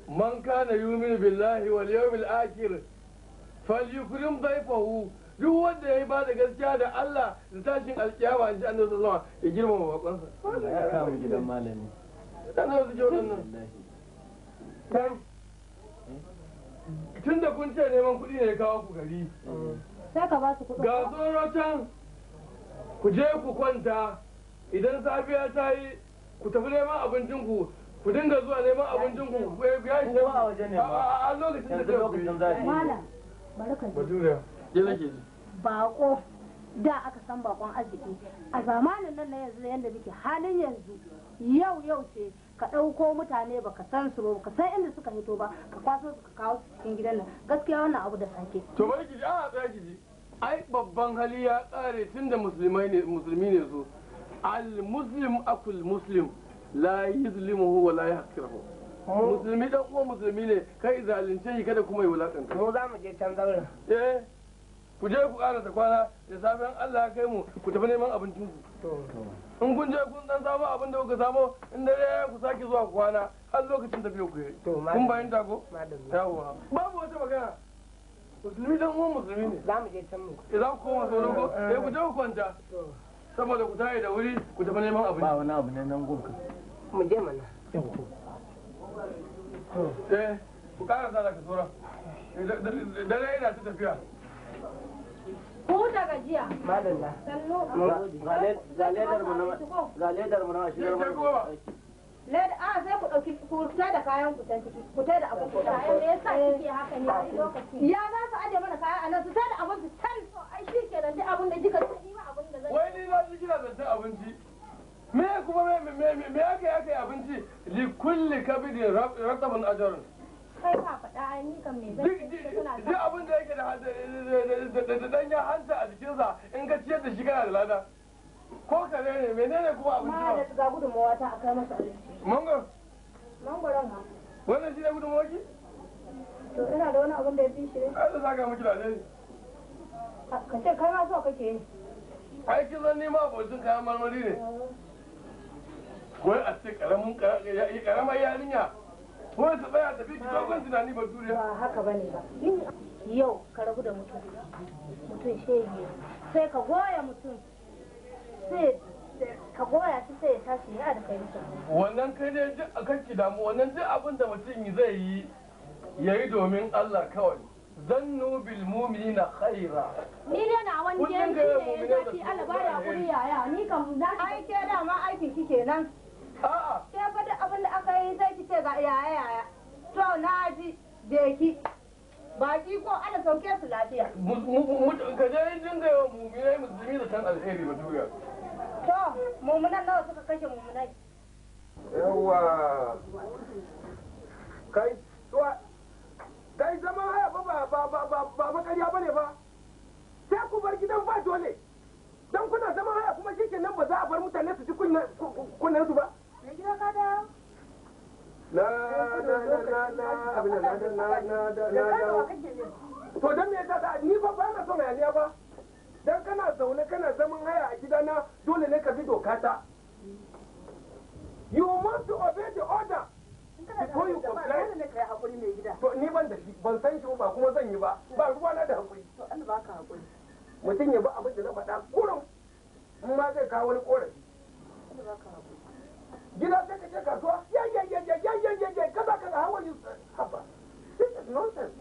man kana yumin billahi wal yawmil akhir falyukrim dayfahu duk wanda ya yi ba da gaskiya da Allah da tashin alkiyama in ji annabi sallallahu alaihi ya girmama bakonsa Allah ya kawo gidan malami dan da suke nan dan tun da kun ce neman kuɗi ne kawo ku gari saka ba su kuɗi ga tsoro can ku je ku kwanta idan safiya ta yi ku tafi neman abincin ku ku dinga zuwa neman abincin ku ya shi ba a waje ne ba a lokacin da lokacin za shi malam barkan ya nake ji bako da aka san bakon arziki a zamanin nan na yanzu yadda muke halin yanzu yau yau ce ka ɗauko mutane baka san su ba ka san inda suka hito ba ka kwaso su ka kawo su cikin gidan nan gaskiya wannan abu da sake to bari ki ji a tsaya ki ji ai babban hali ya kare tunda musulmai ne musulmi ne su al muslim akul muslim la yuzlimuhu wa la yahqiruhu musulmi dan uwa musulmi ne kai zalunce shi kada kuma yi wulakanta mu za mu je can zauren eh ku je ku ƙara kwana da safen Allah ya kai mu ku tafi neman abincin ku in kun je kun dan samu abin da kuka samu in dare ku sake zuwa kwana har lokacin biyo ku yi kun bayan ko yawa babu wata magana musulmi dan uwan musulmi ne za mu je can mu za ku koma sauran ko eh ku je ku kwanta saboda ku tare da wuri ku tafi neman abinci ba wani abu ne nan gurka mu je mana eh ku kara zala ka tsora dare ina ta tafiya ku da gajiya ga ledar mu na mashi da led a sai ku dauki ku ta da kayan ku can ciki ku ta da abun ku kayan me yasa kike haka ne lokaci ya za su aje mana kaya a nan su ta da abun su me yi yake yake abinci li kulli kabidin ratabun ajrun kai ka faɗa ni kan me zai duk abin da yake da danyen hanta a jikinsa in ka ciyar da shi kana da lada ko kare ne ne menene kuma abinci ma da ga gudunmawa ta kai masa abinci mango mangoron ha wannan shi ne gudunmawa ki to ina da wani abin da ya fi shi ne ai da saka miki da ne ka ce kai ma so kake yi. aikin san ni ma abocin kayan marmari ne wai a ce karamin karamar yarinya wai su tsaya tafi ki dogon tunani ba dure ba haka bane ba yau ka rabu da mutum mutum shege sai ka goya mutum sai ka goya shi sai ya tashi ya da kai mutum wannan kai ne duk a kanki damu wannan duk abin da mutum zai yi ya yi domin Allah kawai zannu bil mu'minina khaira ni ne na wani yanki ne ya zafi Allah baya kuri yaya ni kam na ai ke da ma aikin ki kenan Ke fa duk abin da aka yi zai ki ce ga yaya yaya. To na ji je ki. Baki ko ana sauke su lafiya. Ka je yin dinga yawan muminai musulmi da tan alheri ba duniya. To mumunan nawa suka kashe mumunai. yawa Kai tuwa. Kai zama haya ba ba ba ba ba ba makarya bane ba. Sai ku bar gidan ba dole. Dan kuna zama haya kuma shi nan ba za a bar mutane su ji kunnen su ba. na na na na abin to don me yasa ni ba ba na son hayaniya ba dan kana zaune kana zaman haya a gidana dole ne ka bi doka ta you must obey the order before you complain to ni ban da ban san shi ba kuma zan yi ba ba ruwa na da hakuri to Allah baka hakuri mutum ya ba abin da na faɗa kurum in ma zai kawo wani korafi gida sai ka je kasuwa ya ya ya ya ya ya ya ya kaza kaza hawa yi haba nonsense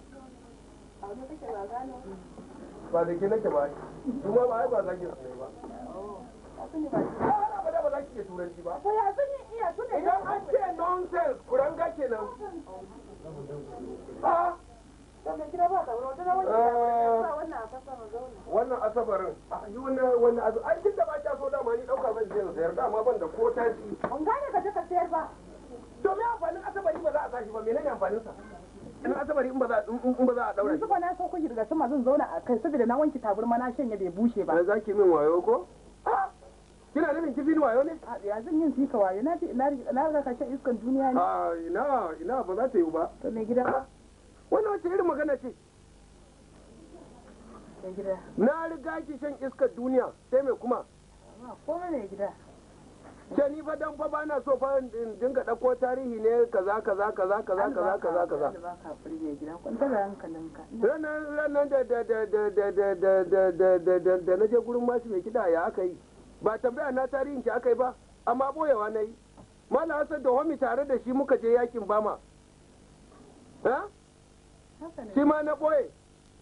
ba da ke nake ba kuma ba ai ba za ki ba oh, ba da ba za ki ke turanci ba ya iya tunai idan an ce nonsense kuranga kenan oh, ah wannan asabarin yi wannan azu an jin da ba ta so dama ni dauka ban je sayar dama ban da ko tashi ban gane ka je ka sayar ba domin amfanin asabari ba za a tashi ba menene amfanin sa in asabari in ba za in ba za a daura yanzu ba na so ku daga sama zan zauna a kai saboda na wanke taburma na shanye bai bushe ba za ki min wayo ko ah! kina nufin kifi ni wayo ne ya zan yin fika wayo na na riga ka shan iskan duniya ne a ah, ina ina ba za ta yi ba to me gidan ba wani wace irin magana ce na riga ki shan iskar duniya sai mai kuma ce ni fa dan ba bana so fa in dinga dako tarihi ne kaza kaza kaza kaza kaza kaza kaza da da da da da da da da da da da da na je gurin mashi mai kida ya aka yi ba tambaya na tarihin ki aka yi ba amma boyewa na yi mala hasan da homi tare da shi muka je yakin bama ha shi ma na ɓoye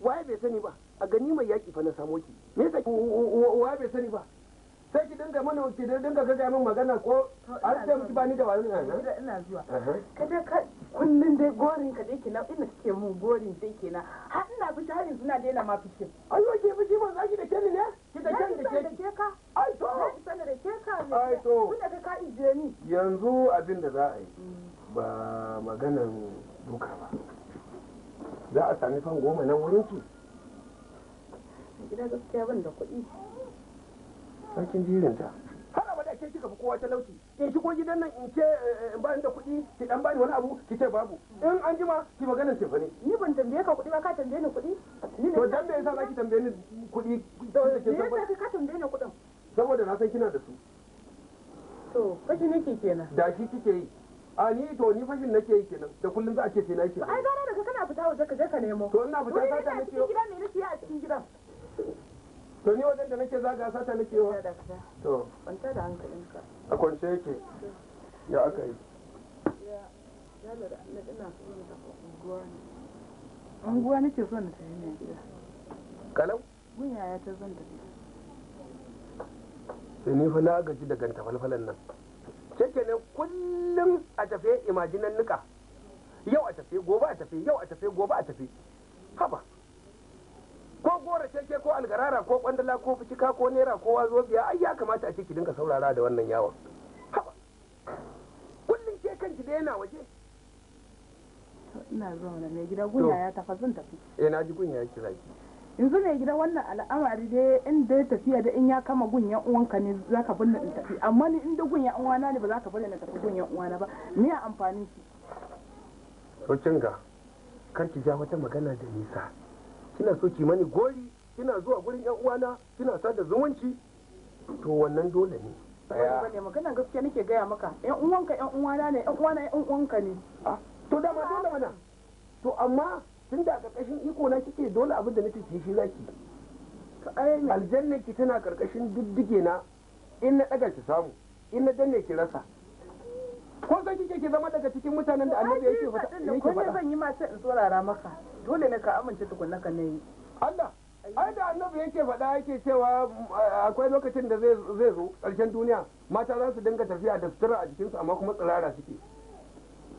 waye bai sani ba a gani mai yaƙi fa na samo ki me yasa waye bai sani ba sai ki dinga mana ki dinga gaga min magana ko har sai miki bani da wani nan ina zuwa kada ka kullun dai gorin ka dai kenan ina kike mu gorin dai kenan har ina fushi har yanzu na daina ma fushi ayyo ke fushi ban zaki da kelli ne ki da kelli da ke ka ai to na san da ke ka ne ai to kuna ka ka ije ni yanzu abin da za a yi mm. ba maganan duka ba za a sami fan goma nan wurin ki a gida gaskiya ban da kuɗi sarkin jirinta har abada ke kika fi kowa talauci in shigo gidan nan in ce eh, eh, in ba da kuɗi ki dan bani wani abu ki ce babu in an jima ki maganar ce fane ni ban tambaye ka kuɗi ba ka tambaye ni kuɗi to dan me yasa ki tambaye ni kuɗi saboda ke san ka tambaye ni kuɗin saboda na san kina da su to kashi nake kenan da shi kike yi a ni to ni fashin nake yi kenan da kullum za a ce sai na yi kenan ai gana daga kana fita waje ka je ka nemo to ina fita sata ta nake cikin gida me nake a cikin gidan to ni wajen da nake zaga sata nake wa to kwanta da hankalinka a kwance yake ya aka yi ya lura na ina unguwa ne unguwa nake so ta tafi ne gida kalau gunya ya ta zan tafi ni fa na gaji daga tafalfalan nan ne kullum a tafe imajinan nuka yau a tafe gobe a tafe yau a tafe gobe a tafe haba ko gora sheke ko algarara ko kwandala ko fucika ko nera ko wazo biya ai ya kamata a ce ki dinga saurara da wannan yawon haba kullum ke kanki da yana waje ina zuwa mai gida gunya ya tafa zan tafi eh na ji gunya ya kira ki in zo mai gida wannan al'amari dai in da ya tafiya da in ya kama gunyan uwanka ne za ka bunna in tafi amma ni in da gunyan uwana ne ba za ka binne na tafi gunyan uwana ba ni a amfani shi to ga kan ki ja wata magana da nisa kina so ki mani gori kina zuwa gurin yan uwana kina sada zumunci to wannan dole ne bane magana gaskiya nake gaya maka yan uwanka yan uwana ne yan uwana yan uwanka ne ah, to dama dole mana to amma tun da karkashin iko na kike dole abin da nake ki shi zaki ai aljanna ki tana karkashin diddige na in na daga ki samu in na danne ki rasa ko sai kike ki zama daga cikin mutanen da annabi yake fata ne ko ne zan yi ma sai in tsorara maka dole ne ka amince tukun naka nayi Allah ai da annabi yake faɗa yake cewa mm, akwai lokacin da zai zo ƙarshen duniya mata za su dinga tafiya da sutura a jikinsu amma kuma tsirara suke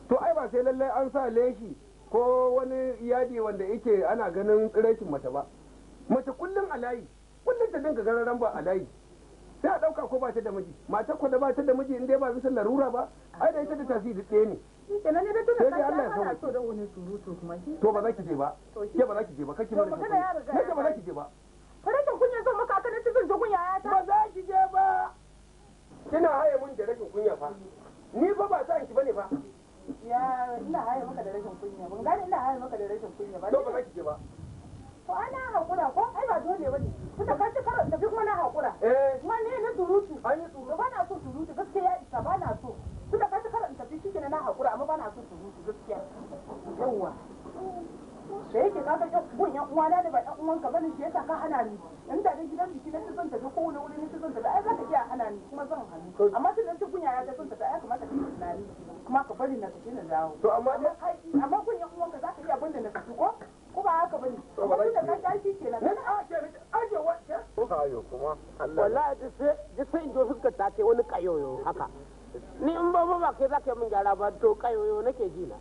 to ai ba sai lallai an sa leshi ko wani yadi wanda yake ana ganin tsiraitin mace ba mace kullum a layi kullum ta dinga gararan ba a layi sai a ɗauka ko ba ta da miji mata ko da ba ta da miji in dai ba bisa larura ba ai da ita da tasiri ɗaya ne kenan ne da tana sai Allah ya san to da wani surutu kuma to ba za ki je ba ke ba za ki je ba kake mana ne ba za ki je ba rashin kunya zan maka kana cikin zo kunya ta ba za ki je ba kina haye mun da rashin kunya fa ni fa ba san ki bane fa ya ina haye maka da rashin kunya ban gane ina haye maka da rashin kunya ba to ba za ki je ba to ana hakura ko ai ba dole bane tunda ka ci karon tafi kuma na hakura eh kuma ne na surutu an yi surutu ba na so surutu gaskiya ya isa ba na so tunda ka ci karon tafi shi na hakura amma ba na so surutu gaskiya yawa da yake ka ga gun yan uwana da ba yan uwanka bane shi yasa ka hana ni inda da gidan biki na zan tafi ko wani wuri na zan tafi ai za ka iya hana ni kuma zan hannu amma tunda ci gunya ya ta zan tafi ai kamata ka yi tunani kuma ka bari na tafi na dawo to amma dai amma kun abin da na tafi ko ko ba haka bane to ba da ka tashi nan a ke aje wacce ko ka ayo kuma Allah wallahi duk sai duk sai injo ta ce wani kayoyo haka ni in ba ba kai zaka min gyara ba to kayoyo nake ji na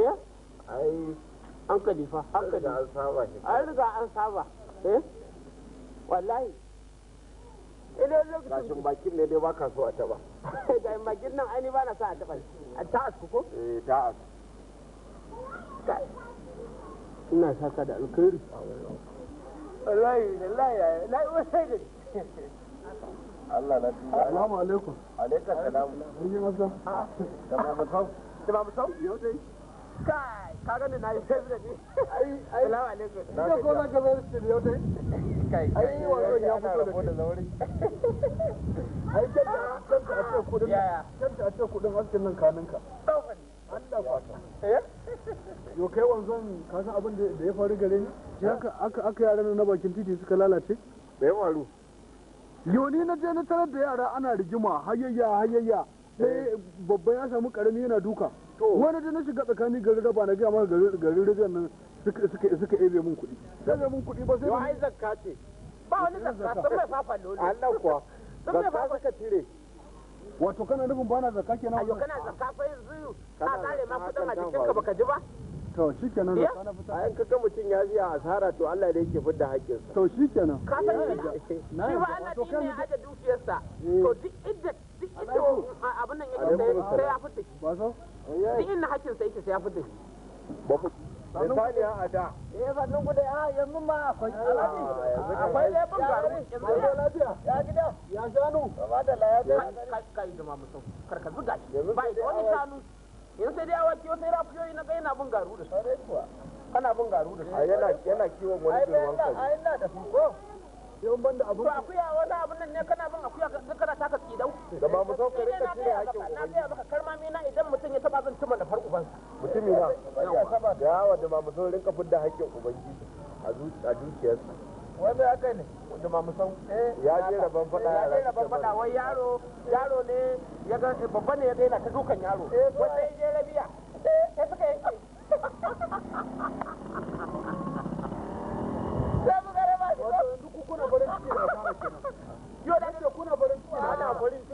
eh ai an kadifa an an saba an riga an saba eh wallahi gashin bakin ne dai ba ka so a taba gashin bakin nan ba na sa a taba a ta'as ko eh ina da alkhairi wallahi wallahi da Allah na Assalamu alaikum alaikum salam mun yi masa ta ba mu tau ta ba mu tau yau dai kai ka na ne ai salamu alaikum da ko studio dai kai ai ya fito da zauri ai ta ce kudin ta ce kudin nan kanin ka Allah eh yo kai wanzan ka san abin da ya faru gare ni haka aka aka na bakin titi suka lalace da faru yoni na je na tarar da yara ana rigima hayayya hayayya sai babba ya samu karami yana duka wani da na shiga tsakanin garin raba na gaya maka garin rigan nan suka ebe min kuɗi sai min kuɗi ba sai ba ai zakka ce ba wani zakka sun mai fafa lolo Allah kuwa zakka suka cire wato kana nufin bana zakka kenan wajen kana zakka fa yanzu ka kare ma kudin a jikinka baka ji ba to shikenan eh? zakka na fita ayan kaga mutum ya ji asara to Allah da yake fidda hakkin sa to shikenan ka san shi na shi ba Allah ne ya aje dukiyarsa to duk idda duk idda abin nan yake sai ya fita ba so duk na hakkin sa yake sai ya fita a da eh sannan ku dai ah, yanzu ma akwai akwai yanzu ya lafiya ya gida ya shanu ba da la ya ga kai wani shanu sai dai awaki sai na ga yana bin garu da kana bin garu da yana kiwon wani jirwan kai ai da ko yau ban da abun akuya wani abun nan ne kana bin akuya ga kana taka kidau da ba mu sauka rika cire hakkin ku na ga maka karmami na idan mutum ya taba zan tuma da farko ban mutumi na yawa da ba mu sauka rinka fidda hakkin ubangiji a zuciyarsa wai mai aka ne da ma musau eh, ya je rabon fada ya je rabon fada wai yaro yaro ne ya ga eh, babba ne ya daina ta dukan yaro eh, wanda ya je rabiya sai suka yanke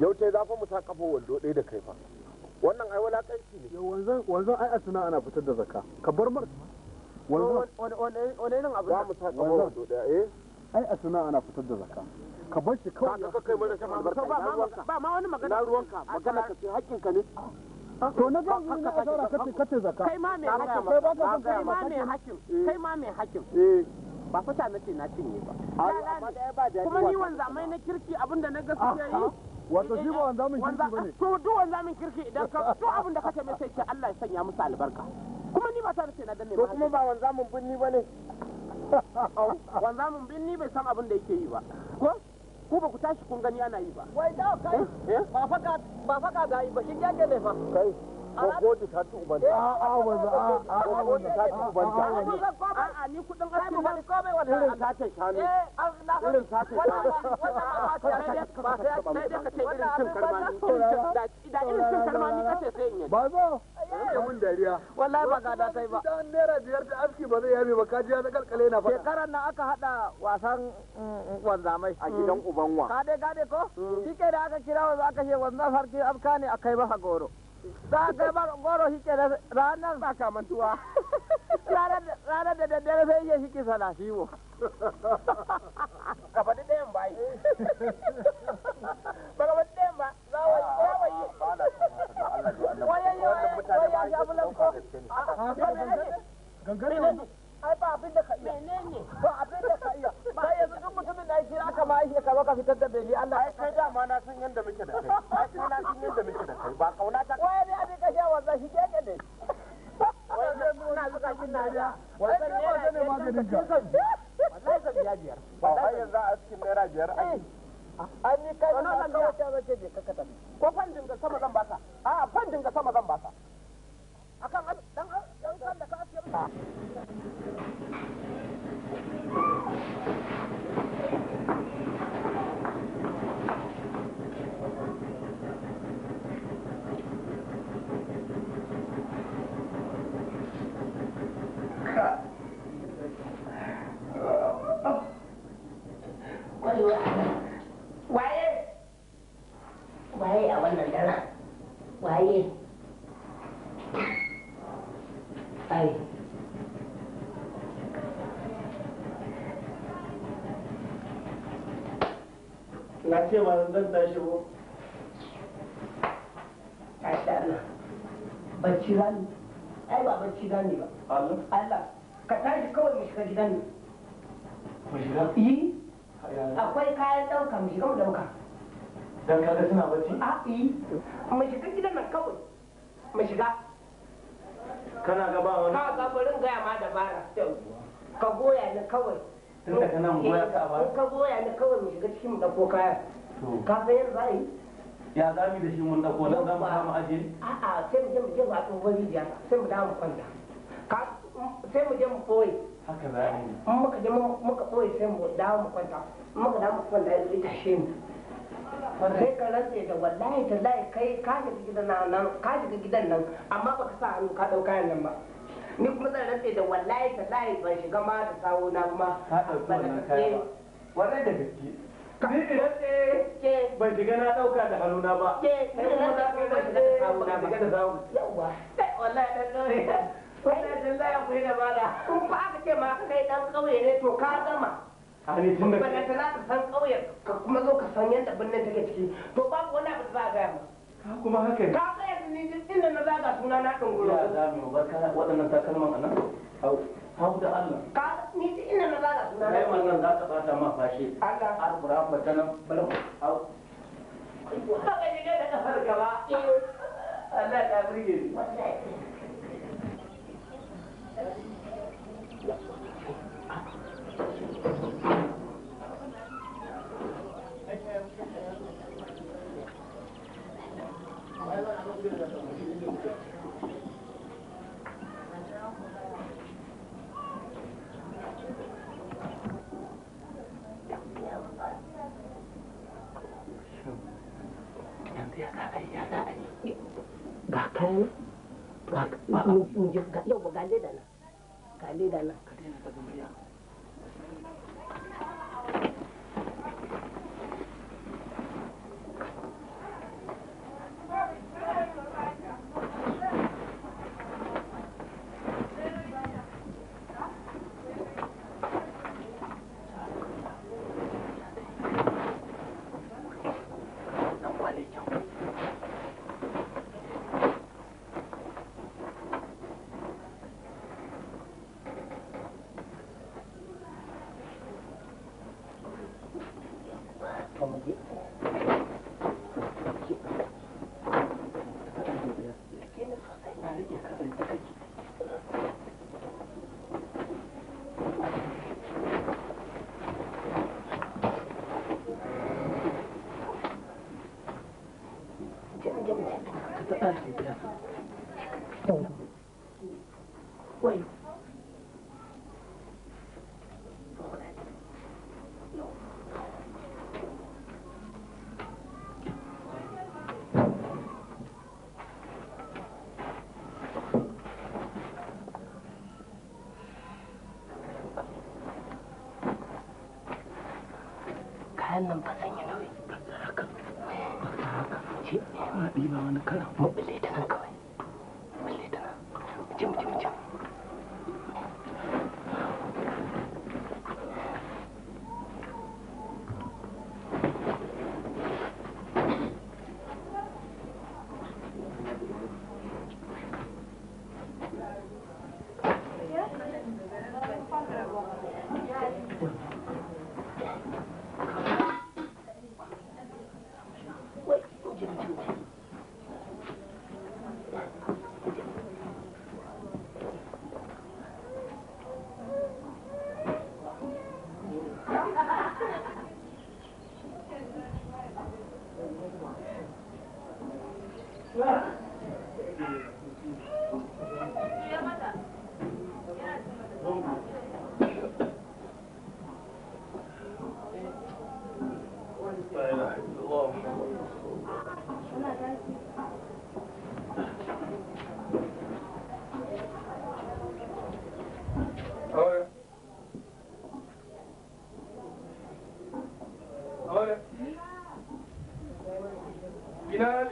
yau ce zafi mu sa kafa wando ɗaya da kai fa wannan ai wulakanci ne yau wanzan wanzan ai a suna ana fitar da zakka ka bar mar wanzan wani irin abu za mu sa kafa wando ɗaya eh ai a suna ana fitar da zakka ka bar shi kawai ka kai mara shafa albarka ba ma wani magana na ruwanka magana ka ce hakkinka ne to na ga ni na saura kace kace zakka kai ma mai hakim kai ba ka san kai ma mai hakim kai ma mai hakim eh. eh ba fata nace na cinye ba kuma ni wanzamai na kirki abinda na gaskiya yi wato shi ba wanda min kirki bane to duk wanda min kirki idan ka duk abin da kace mai sai ce Allah ya sanya musu albarka kuma ni ba ta nace na danne ba kuma ba wanda min binni bane wanda min binni bai san abin da yake yi ba ko ko ba ku tashi kun gani ana yi ba wai da kai eh? Eh? ba faka ba faka ga yi ba shi yake ne fa kai gogodi ta ci ubanta a a wanda a a gogodi ta ci ubanta a a ni kudin asibiti ko bai wanda irin sace shanu eh, irin sace shanu ba sai sai da kace irin cin karmani da irin cin karmani kace sai in yi ba zo ya eh. mun dariya wallahi ba ga da kai ba dan naira biyar da aski ba zai yabe ba kaji ya kalkale na fa shekaran nan aka hada wasan mm, wanzamai a gidan mm. ubanwa ka dai gade ko mm. ke da aka kira wa aka ce wanzan sarki afka ne akai ba goro za ka ba goro shi ke ranar ba ka mantuwa ranar da daddare sai iya shi kisa na shiwo ka faɗi ɗayan ba yi ba ka faɗi ɗayan ba za wa yi za wa yi wayan yi wayan ya sha bulanko gangar ne ai ba abin da ka iya menene ba abin da ka iya Allah shi aka ma ka fitar da Allah kai dama na san yanda muke da kai ai na san yanda muke da kai ba kauna ta wai ne abin ka sha wanda shi ke ne wai ne mu zuka kin na wannan ne ba ne maganin ka wallahi ka biya biyar ba ai yanzu a cikin naira biyar ai ai ni kai na nan ka kata ko fandin ka sama zan baka a fandin ka sama zan baka akan dan dan kan da ka asiyar ce ma zan tashi ko bacci rani ai ba bacci Allah ka tashi kawai mu shiga gidan ne akwai kayan ɗauka mu shiga mu ɗauka dan suna bacci mu shiga gidan nan kawai mu shiga kana gaba wani ka ga gaya ma dabara ka goya ni kawai tun nan goya ka ba ka goya ni kawai mu shiga cikin mu ɗauko kaya Hmm. ka sayar za yi ya za mu da shi mun dauko nan za mu samu aje a'a sai mu je mu je ba tsohon rijiya sai mu dawo mu kwanta sai mu je mu boye haka za mu in muka je muka boye sai mu dawo mu kwanta in muka dawo mu kwanta ya zai shi ne. sai ka rantse da wallahi tallahi kai ka shiga gidan nan ka shiga gidan nan amma baka sa hannu ka dauka yan nan ba ni kuma zan rantse da wallahi tallahi ban shiga ma da sawo na kuma ka dauki wannan kai ba wallahi da gaske ni idan ɗaya bai shiga na ɗauka da haluna ba kai kuma za ka yi da shiga da samu yawwa wallahi ɗan ɗore wannan jin laya ku yi da bala kun ba aka ce ma kai ɗan ƙauye ne to ka gama Ani tun da kai. ka san ƙauyen ka kuma zo ka san yadda birnin take ciki to babu wani abu da za a gaya ma. Ka kuma haka. Ka ga yanzu ni inda na zaga suna na ɗunguro. Ya za mu bar kana waɗannan takalman a nan? hau da Allah ka ni ta ina na zaga suna kai wannan za ka bata ma fashe Allah ga da kafar Allah burge ni Wait. kayan nan ba sanya nauyi. Ba ka haka. Ba ka haka. Ce, ma ɗiba wani karan.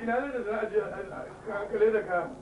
ina ne da za a je a kale da ka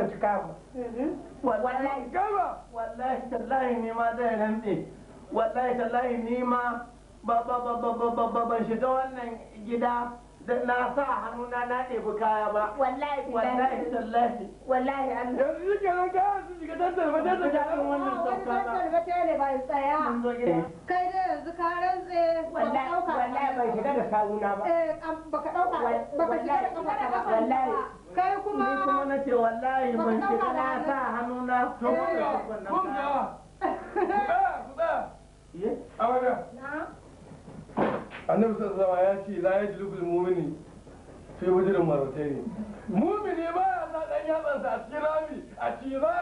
ɗauki kafa wallahi wallahi tallahi ni ma zai rantse wallahi tallahi ni ma ba ba ba ba ba ba shiga wannan gida na sa hannuna na ɗebi kaya ba wallahi wallahi wallahi yanzu su shiga dan wannan sauka dan ba tsaya kai yanzu ka rantse wallahi wallahi shiga da kawuna ba eh baka dauka baka shiga da ba wallahi kai kuma ni kuma wallahi ban shiga na sa hannuna eh. to wannan ga eh na'am annabi zama ya ce la yajlubul mu'mini fi wajrin ne mu'mini ba ya sa dan yatsan sa a cikin rami a ciza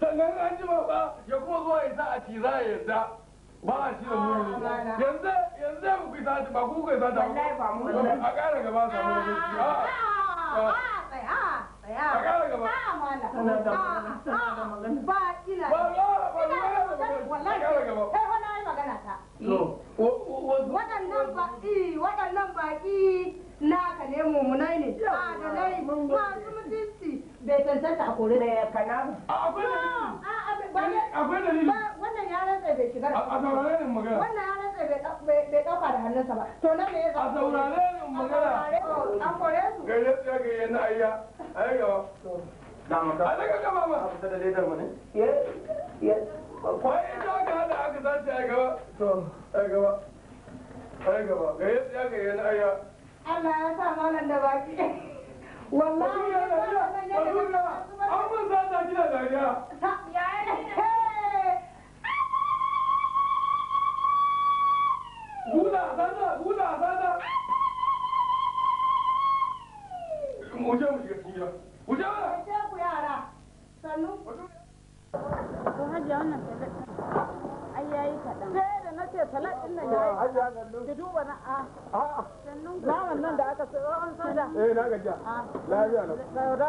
sannan an ji mafa ya kuma zuwa ya sa a ciza ya da ba a ci ah, mu'mini yanzu yanzu ya ku sa ba ku sa ta a sa a a ƙara gaba ah, ah, a ila a ba a ba ba ba a ba ba ba a ba a ba a a a a a a a a a a a a a a a waɗannan baƙi waɗannan baƙi naka ne mummunai ne adalai masu mutunci bai cancanta a kori da kana ba akwai dalili ah, ah, ah, eh, wannan ya rantsa bai shiga a saurare ne magana wannan ya rantsa bai ɗauka da hannunsa ba to na me ya a saurare ne magana a kore su ga yadda ga yana ayya a daga gaba ba a fita da ledar mu ne kwaye aka sace a gaba to a gaba a gaba ga ya tsaya ga aya Allah ya sa malam da baki wallahi ya sa malam da baki an mun ta dariya ya ya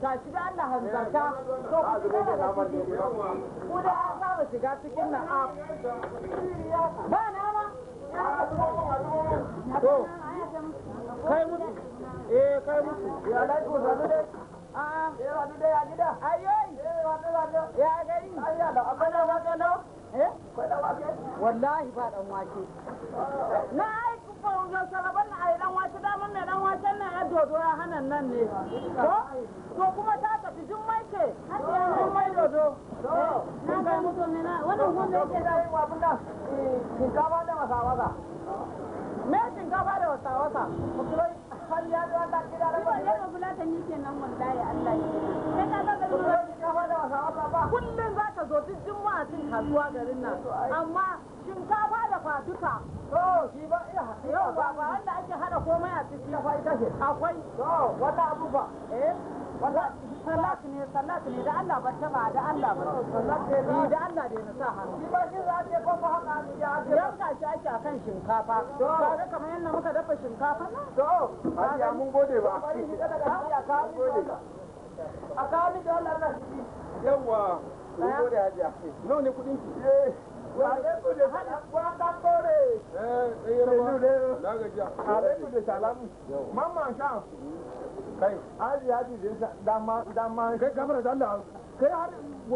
ga shi da Allah hanzarta to ku shiga daga ciki ku da an fara shiga cikin ah. na a ba nama to kai mutu eh kai mutu ya ku zanu dai a'a ah. eh wani dai eh, ya gida eh ya gari da da wake na eh akwai da wake wallahi ba dan wake na salaban da mun ne dan dodo ya hanan nan ne to kuma ta tafi jummai ce dodo eh, na ga mutum ne na wannan gunda yake eh, shinkafa da wasa me shinkafa da wasa-wasa mutum har ya zo ta gida da yana ni kenan wallahi Allah ya ka ga shinkafa da wasa-wasa ba kullun za ka zo duk juma'a cin kasuwa garin nan amma shinkafa da faduka to shi ba iya yau ba wanda ake hada komai a cikin akwai akwai to wannan abu ba eh salat ne salat ne da Allah ba ta ba da Allah ba ni da Allah da sa hannu shi ba shi za ta ko haka ni ya yanka shi ake akan shinkafa ba ga kamar yanda muka dafa shinkafa na to mun gode ba a kawo ni da Allah na shi yawa mun gode hajiya nawa ne kudin ki eh, eh Mamma sha, kai haji haji din sa dama dama kai gafara da Allah kai har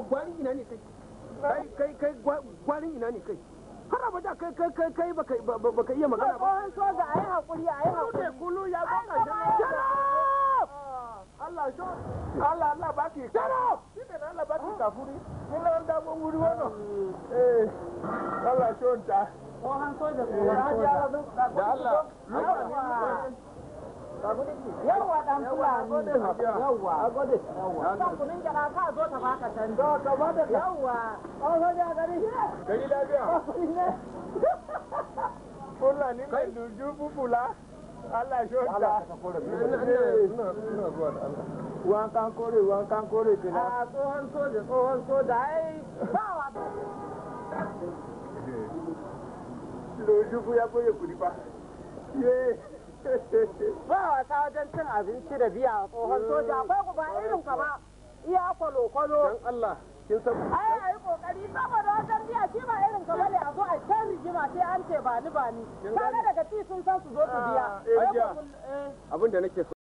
gwanin ina ne kai kai kai kai gwanin ina ne kai har abada kai kai kai kai baka baka iya magana ba tsohon soja ayi hakuri ayi hakuri kulu ya ga kan Allah sho Allah Allah baki ki sharaf shi ne Allah baki kafuri ni na da mun wuri wannan eh Allah shonta tsohon soja ko da Allah yawa dan fulani yawa agode yawa ka kunin jara ka zo ta baka tan do ka bada yawa oh hoja gari gari lafiya fulani ne luju fufula Allah shota wankan kore wankan kore kina a ah, tsohon soja tsohon soja ai ba wa eh. luju ya koye ba wasa wajen cin abinci da biya tsohon soja akwai ku ba irin ka ba iya kwalo kwalo dan Allah kin san ai ai kokari saboda wajen biya shi ba irin ka bane a zo a can rigima sai an ce ba ni ba ni kaga daga ci sun san su zo su biya ah, eh, eh. abin da nake